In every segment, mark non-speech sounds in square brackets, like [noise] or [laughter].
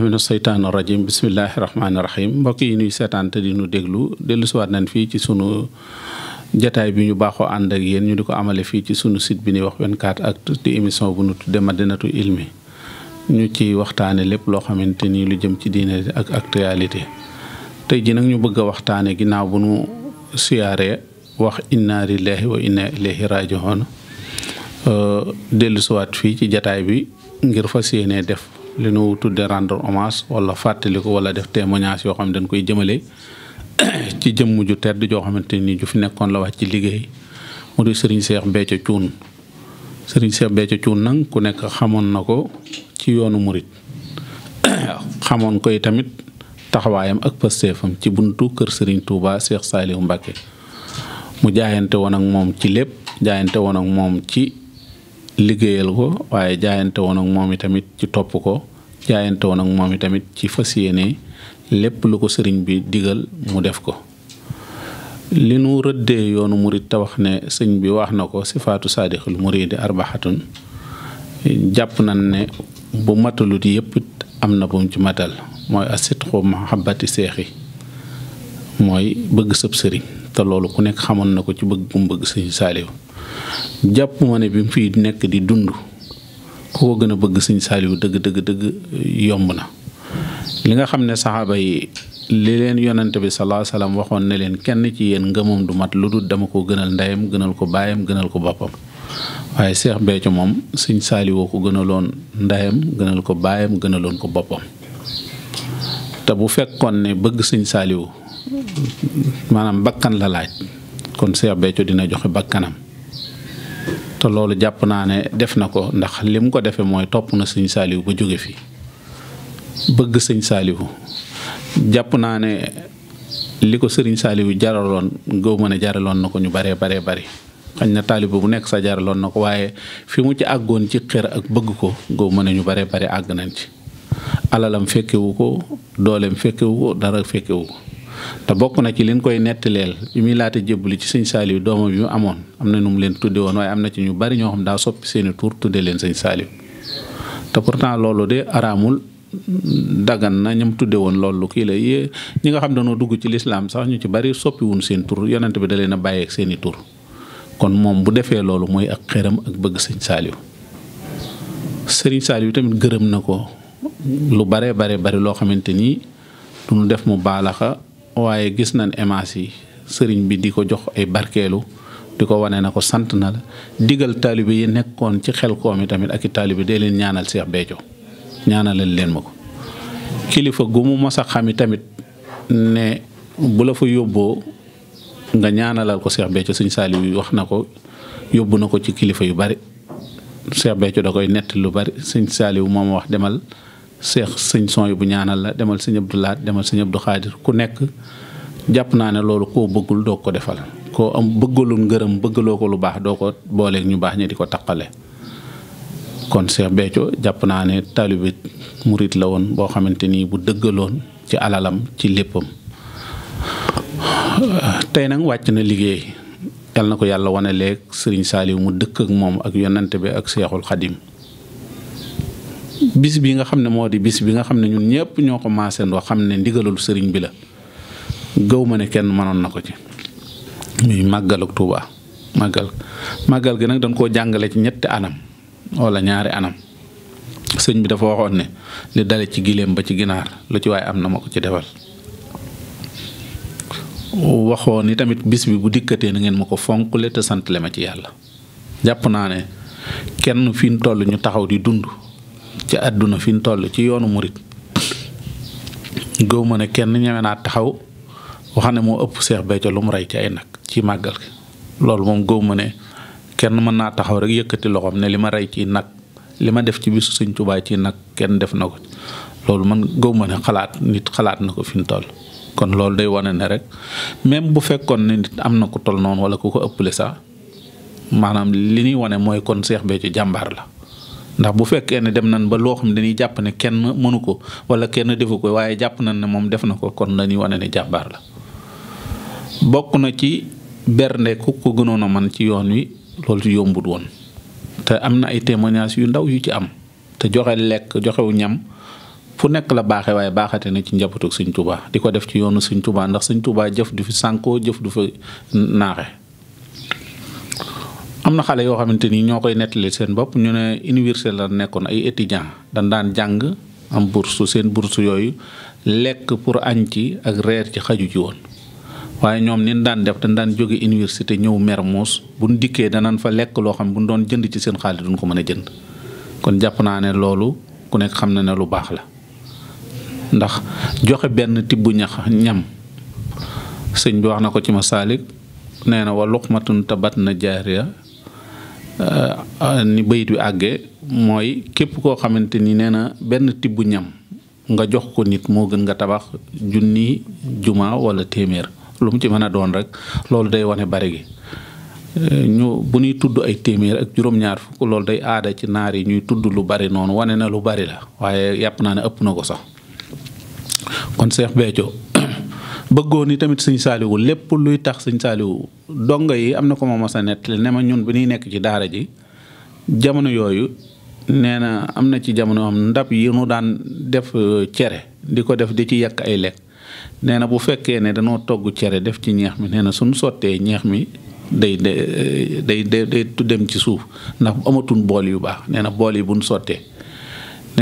min seytaan rajim bismillaahi rahmaani rahim mbokk yi nuy seetaan te di nu déglu dellu siwaat nañ fii ci sunu jataay bi ñu baaxoo ànd ak yéen ñu di ko amale fii ci sunu site bi ni wax 24 ak di émission bu nu tudde Madinatu Ilmi ñu ci waxtaane lépp loo xamante ni lu jëm ci diine ak actualité tey ji nag ñu bëgg a waxtaane ginnaaw bu nu siyaaree wax inna lillahi wa inna Euh, dellusiwaat fii ci jataay bi ngir fas yéenee def li nu tudde rendre hommage wala fàttaliku wala def témoignage yoo xam ne dañ koy jëmale ci jëmm ju tedd joo xamante ni ju fi nekkoon la wax ci liggéey mu di Serigne Cheikh Béthio Thioune Serigne Cheikh Béthio Thioune nag ku nekk xamoon na ko ci yoonu murit [coughs] xamoon koy tamit taxawaayam ak pasteefam ci buntu kër Serigne tuuba Cheikh Saliou Mbacké mu jaayante woon moom ci lépp jaayante woon moom ci liggéeyal ko waaye jaayante woon ak moom itamit ci topp ko jaayante woon ak moom itamit ci fas yéene lépp lu ko sëriñ bi digal mu def ko li nu rëddee yoonu murit te ne sëñ bi wax na ko sifaatu saadixul muridi arbaxatun jàpp nañ ne bu matalut yépp am na bu ci matal mooy asitxu mahabbati seexi mooy bëgg sëb sëriñ te loolu ku nekk xamoon na ko ci bëgg gum bëgg sëñ saaliw jàpp ma ne bi mu fiy nekk di dund ku ko gën a bëgg sëñ Saaliw dëgg dëgg dëgg yomb na li nga xam ne saxaaba yi li leen yonante bi salaa salaam waxoon ne leen kenn ci yéen ngëmam du mat lu dul dama ko gënal ndeyam gënal ko baayam gënal ko boppam waaye Seex Béthio moom sëñ Saaliw ko gënaloon ndeyam gënal ko baayam gënaloon ko boppam te bu fekkoon ne bëgg sëñ Saaliw maanaam bakkan la laaj kon Seex Béthio dina joxe bakkanam te loolu jàpp naa ne def na ko ndax li mu ko defee mooy topp na sëñ saaliwu ba jóge fi bëgg sëñ saaliwu jàpp naa ne li ko sëriñ saaliwu jaraloon gëw mën a jaraloon na ko ñu baree baree bari xañ na taaliba bu nekk sa jaraloon na ko waaye fi mu ci àggoon ci xër ak bëgg ko gëw mën a ñu baree bari àgg nañ ci alalam fekkewu ko doolem fekkewu ko dara fekkewu ko te bokk na ci liñ koy nettaleel bi muy laata jébbali ci sëñ Saaliw doomam bi mu amoon am na nu mu leen tudde woon waaye am na ci ñu bari ñoo xam daa soppi seeni tur tudde leen sëñ Saaliw te pourtant loolu de araamul dagan na ñam tudde woon loolu kii la yée ñi nga xam dañoo dugg ci lislaam sax ñu ci bari soppiwun seen tur yonent bi da leen a bàyyi ak seeni tur kon moom bu defee loolu mooy ak xëram ak bëgg sëñ Saaliw sëriñ Saaliw tamit gërëm na ko lu bare bare bari loo xamante ni du def mu baalaxa waaye gis na nañ émages yi sëriñ bi di ko jox ay barkeelu di ko wane na ko sant na la digal taalibe yi nekkoon ci xel koom yi tamit ak i taalibe de leen ñaanal Seex Béthio ñaanalal leen ma ko kilifa gu mu mos xami tamit ne bu la fa yóbboo nga ñaanalal ko Seex Béthio Sëñ Saaliw yi wax na ko yóbbu na ko ci kilifa yu bari Seex Béthio da koy nett lu bari Sëñ Saaliw moom wax demal seex sëñ son yi bu ñaanal la demal sëñ Abdou Lahat demal sëñ Abdou Xaadir ku nekk jàpp naa ne loolu koo bëggul doo ko defal koo am bëggalul ngërëm bëggaloo ko lu baax doo ko booleeg ñu baax ñi di ko taqale kon Cheikh Béthio jàpp naa ne taalibe murit la woon boo xamante ni bu dëggaloon ci alalam ci léppam tey nag wàcc na liggéey yal na ko yàlla wane leeg Serigne Saliou mu dëkk ak moom ak yonante bi ak Seexul Xadim bis bi nga xam ne moo di bis bi nga xam ne ñun ñëpp ñoo ko maasandoo xam ne ndigalul sëriñ bi la gëw ma ne kenn mënoon na ko ci muy màggal ak màggal màggal gi nag dañ koo jàngale ci ñetti anam walla ñaari anam sëñ bi dafa waxoon ne li dale ci giléem ba ci ginaar lu ci waaye am na ma ko ci defal waxoon ni tamit bis bi bu dikkatee na ngeen ma ko fonkle te santle ma ci yàlla jàpp naa ne kenn fi ñu toll ñu taxaw di dund ci àdduna fi ñu toll ci yoonu murit gëw ma ne kenn ñeme naa taxaw wax ne moo ëpp Seex Béthio lu mu rey ci ay nag ci màggal loolu moom gëw ma ne kenn mën naa taxaw rek yëkkati loxoom ne li ma rey ci nag li ma def ci bisu suñ Tuubaa ci nag kenn def na ko loolu man gëw ma ne xalaat nit xalaat na ko fi ñu toll kon loolu day wane ne rek même bu fekkoon ne nit am na ko toll noonu wala ku ko ëppale sax maanaam li ñuy wane mooy kon Seex Béthio jàmbaar la ndax bu fekkee ne dem nañ ba loo xam ne dañuy jàpp ne kenn mënu ko wala kenn defu ko waaye jàpp nañ ne moom def na ko kon dañuy wane ne jàmbaar la bokk na ci bernde ku ko gënoon a man ci yoon wi loolu ci yombut woon te am na ay témoignages yu ndaw yu ci am te joxe lekk joxewu ñam fu nekk la baaxe waaye baaxate na ci njabootu Sëñ tubaa di ko def ci yoonu Sëñ tubaa ndax Sëñ Tuubaa jëf du fi sànkoo jëf du fi naaxe am na xale yoo xamante nii ñoo koy nettali seen bopp ñu ne université la nekkoon ay étudiant dañ daan jàng am bourse seen bourse yooyu lekk pour añ ci ak reer ci xaju ci woon waaye ñoom nin daan def dañ daan jóge université ñëw Mermoz buñ dikkee danañ fa lekk loo xam ne buñ doon jënd ci seen xaalis duñ ko mën a jënd kon jàpp naa ne loolu ku nekk xam na ne lu baax la ndax joxe benn tibbu ñax ñam sëñ bi wax na ko ci masaalik nee na wa luqmatun tabat na jaariya Euh, ni bayit wi àggee mooy képp koo xamante ni nee na benn tibb ñam nga jox ko nit moo gën nga tabax junni juma wala téeméer lu ci mën a doon rek loolu day wane bari gi euh, ñu bu ñuy tudd ay téeméer ak juróom-ñaar fukk loolu day aada ci naar yi ñuy tudd lu bari noonu wane na lu bari la waaye yàpp naa ne ëpp na ko sax kon Cheikh Béthio bëggoon yi tamit sëñ saaliwul lépp luy tax sëñ saaliwu dongo yi am na ko ma mos a nettali ne ma ñun bi ñuy nekk ci daara ji jamono yooyu nee na am na ci jamono am ndab yi nu daan def euh, cere di ko def di ci yàq ay lekk nee na bu fekkee ne danoo togg cere def ci ñeex mi nee na suñ sottee ñeex mi day euh, day day day dem ci suuf ndax amatuñ bool yu baax nee na bool yi buñ sottee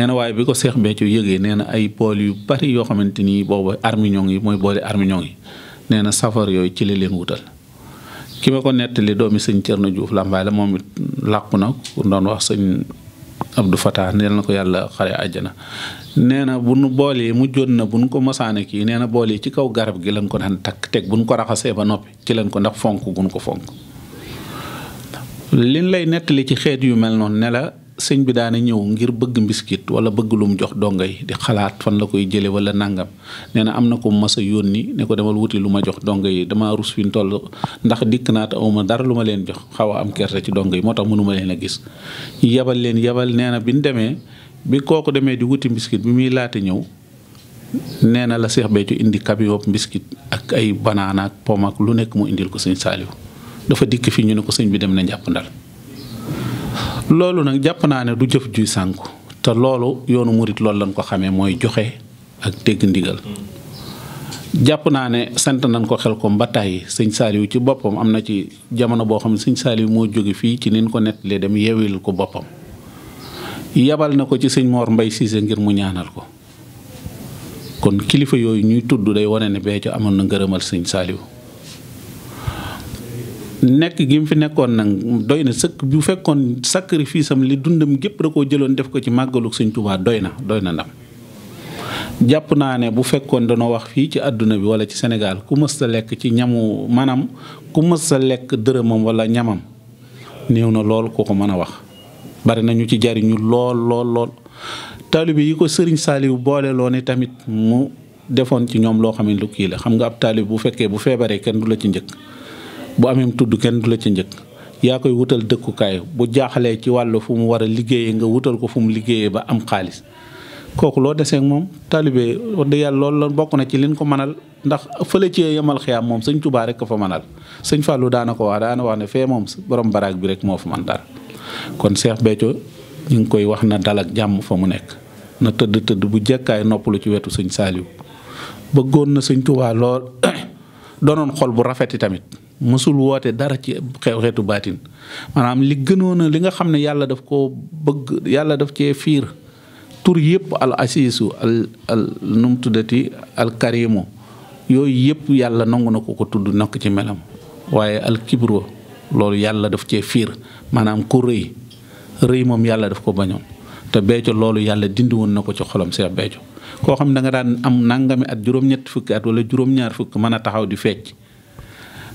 nee waaye bi ko Cheikh Béthio yëgee nee ay bool yu bari yoo xamante ni boobu armiñong yi mooy boole armiñong yi nee na safar yooyu ci li leen wutal ki ma ko nettali doomi sëñ Thierno Diouf Lambaye la moom it làqu na pour doon wax sëñ Abdou Fatah neel na ko yàlla xare àjjana nee na bu nu boolee yi mujjoon na bu nu ko mosaane kii nee na bool ci kaw garab gi lañ ko daan takk teg bu nu ko raxasee ba noppi ci lañ ko ndax fonk gun ko fonk liñ lay nettali ci xeet yu mel noonu ne sëñ bi daana ñëw ngir bëgg mbiskit wala bëgg lu mu jox donga yi di xalaat fan la koy jële wala nangam nee na am na ko mas a yónni ne ko demal wuti lu ma jox donga yi dama rus fi toll ndax dikk naa te awma dara lu ma leen jox xaw am kerte ci donga yi moo tax mënuma leen a gis yabal leen yabal nee na bi nu demee bi kooku demee di wuti mbiskit bi muy laata ñëw nee na la Seex Béthio indi kabiyob mbiskit ak ay banaana ak pom lu nekk mu indil ko sëñ Saaliw dafa dikk fii ñu ne ko sëñ bi dem na njàpp ndal loolu nag jàpp naa ne du jëf juy sànku te loolu yoonu murit loolu lañ ko xamee mooy joxe ak dégg ndigal jàpp naa ne sant nañ ko xel ko mbataay sëñ Saliou ci boppam am na ci jamono boo xam ne sëñ Saliou moo jóge fii ci nin ko nettalee dem yeewil ko boppam yabal na ko ci sëñ moor Mbay Cissé ngir mu ñaanal ko kon kilifa yooyu ñuy tudd day wane ne Béthio amoon na ngërëmal sëñ Saliou nekk gi mu fi nekkoon nag doy na sëkk bu fekkoon sacrifice am li dundam gépp da koo jëloon def ko ci màggaluk sëñ Tuubaa doy na doy na ndam jàpp naa ne bu fekkoon danoo wax fii ci àdduna bi wala ci Sénégal ku mës sa lekk ci ñamu maanaam ku mës sa lekk dërëmam wala ñamam néew na lool ko ko mën a wax bari nañu ci jariñu lool lool lool taalibe yi ko sëriñ Saaliw boole loo ne tamit mu defoon ci ñoom loo xam ne lu kii la xam nga ab taalibe bu fekkee bu feebaree kenn du la ci njëkk bu amee tudd kenn du la ci njëkk yaa koy wutal dëkkukaay bu jaaxalee ci wàllu fu mu war a liggéeyee nga wutal ko fu mu liggéeyee ba am xaalis kooku loo desee moom taalibe wax dëgg yàlla loolu la bokk na ci liñ ko mënal ndax fële ci yemal xiyaam moom sëñ tubaa rek ko fa mënal sëñ Fallou daana ko wax daana wax ne fee moom borom baraag bi rek moo fa man kon Cheikh Béthio ñu ngi koy wax na dal jàmm fa mu nekk na tëdd tëdd bu jekkaay noppalu ci wetu sëñ Saliou bëggoon na sëñ tubaa lool [coughs] doonoon xol bu rafet tamit mësul woote dara ci xew xeetu baatin maanaam li gënoon a li nga xam ne yàlla def koo bëgg yàlla def cee fiir tur yëpp al asiisu al al nu tuddati al karimu yooyu yëpp yàlla nangu na ko ko tudd nakk ci melam waaye al kibro loolu yàlla def cee fiir maanaam ku rëy rëy moom yàlla def ko bañoon te Béthio loolu yàlla dindi woon na ko ci xolom Cheikh Béthio koo xam ne da daan am nangami at juróom-ñett fukki at wala juróom-ñaar fukk mën a taxaw di fecc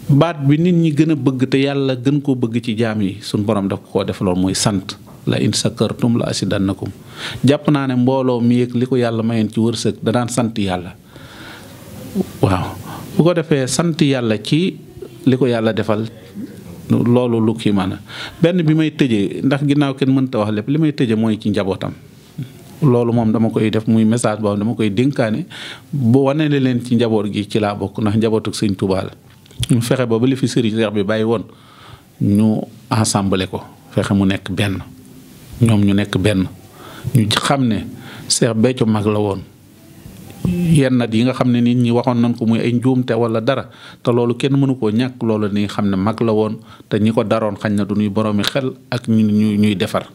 baat bi nit ñi gën a bëgg te yàlla gën koo bëgg ci jaam yi suñ borom daf koo def loolu mooy sant la in sakartum la asidannakum jàpp naa ne mbooloo mi yëg li ko yàlla mayeen ci wërsëg danaan sant yàlla waaw bu ko defee sant yàlla ci li ko yàlla defal loolu lu kii benn bi may tëjee ndax ginnaaw kenn mënta wax lépp li may tëjee mooy ci njabootam loolu moom dama koy def muy message boobu dama koy dénkaane boo wane leen ci njaboot gi ci laa bokk ndax njabootuk sëñ ñu fexe boobu li fi sëriñ Seex bi bàyyi woon ñu ensemble ko fexe mu nekk benn ñoom ñu nekk benn ñu xam ne Seex Béthio mag la woon yenn nat yi nga xam ne nit ñi waxoon nañ ko muy ay njuumte wala dara te loolu kenn mënu koo ñàkk loolu ni xam ne mag la woon te ñi ko daroon xañ na du ñuy boroomi xel ak ñu ñuy defar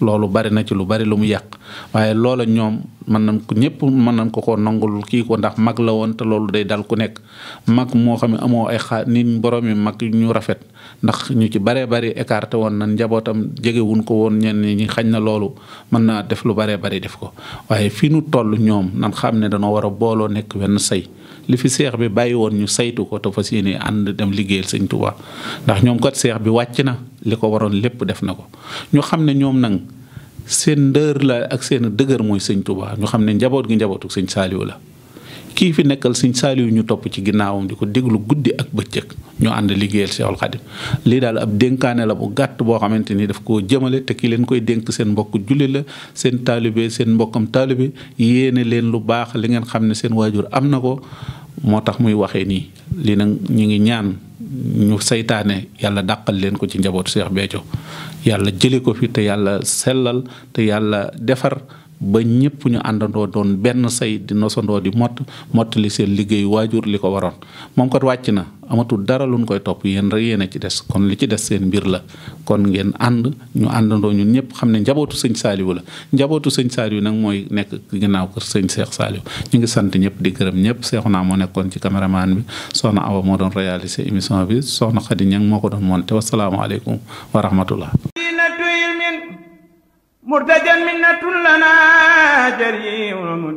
loolu bari na ci lu bari lu mu yàq waaye loola ñoom mën nañ ko ñëpp mën nañ ko koo nangul kii ko ndax mag la woon te loolu day dal ku nekk mag moo xam ne amoo ay xaa nit yi mag ñu rafet ndax ñu ci baree bari écarté woon nañ njabootam jegewuñ ko woon ñenn ñi xañ na loolu mën naa def lu baree bari def ko waaye fi nu toll ñoom nan xam ne danoo war a booloo nekk wenn say li fi seex bi bàyyi woon ñu saytu ko te fas yéene ànd dem liggéeyal sëñ Tuubaa ndax ñoom kat seex bi wàcc na li ko waroon lépp def na ko ñu xam ne ñoom nag seen ndër la ak seen dëgër mooy sëñ Touba ñu xam ne njaboot gi njabootu sëñ Saliou la kii fi nekkal sëñ Saliou ñu topp ci ginnaawam di ko déglu guddi ak bëccëg ñu ànd liggéeyal Seexul Xadim lii daal ab dénkaane la bu gàtt boo xamante ni daf koo jëmale te ki leen koy dénk seen mbokk julli la seen taalibe seen mbokkam taalibe yéene leen lu baax li ngeen xam ne seen waajur am na ko moo tax muy waxee nii lii nag ñu ngi ñaan ñu seytaane yàlla dàqal leen ko ci njabootu Cheikh Béthio yàlla jële ko fi te yàlla selal te yàlla defar ba ñëpp ñu àndandoo doon benn say di nosandoo di mott mottali seen liggéeyu waajur li ko waroon moom kat wàcc na amatul dara luñ koy topp yéen rek yéen a ci des kon li ci des seen mbir la kon ngeen ànd ñu àndandoo ñun ñëpp xam ne njabootu sëñ saaliwu la njabootu sëñ saaliwu nag mooy nekk gannaaw ko sëñ seex saaliwu ñu ngi sant ñëpp di gërëm ñëpp seexu naa moo nekkoon ci caméraman bi soxna awa moo doon réaliser émission bi soxna xadi ñang moo ko doon monté wasalaamaaleykum wa rahmatullah murtajan minnatun lana jariun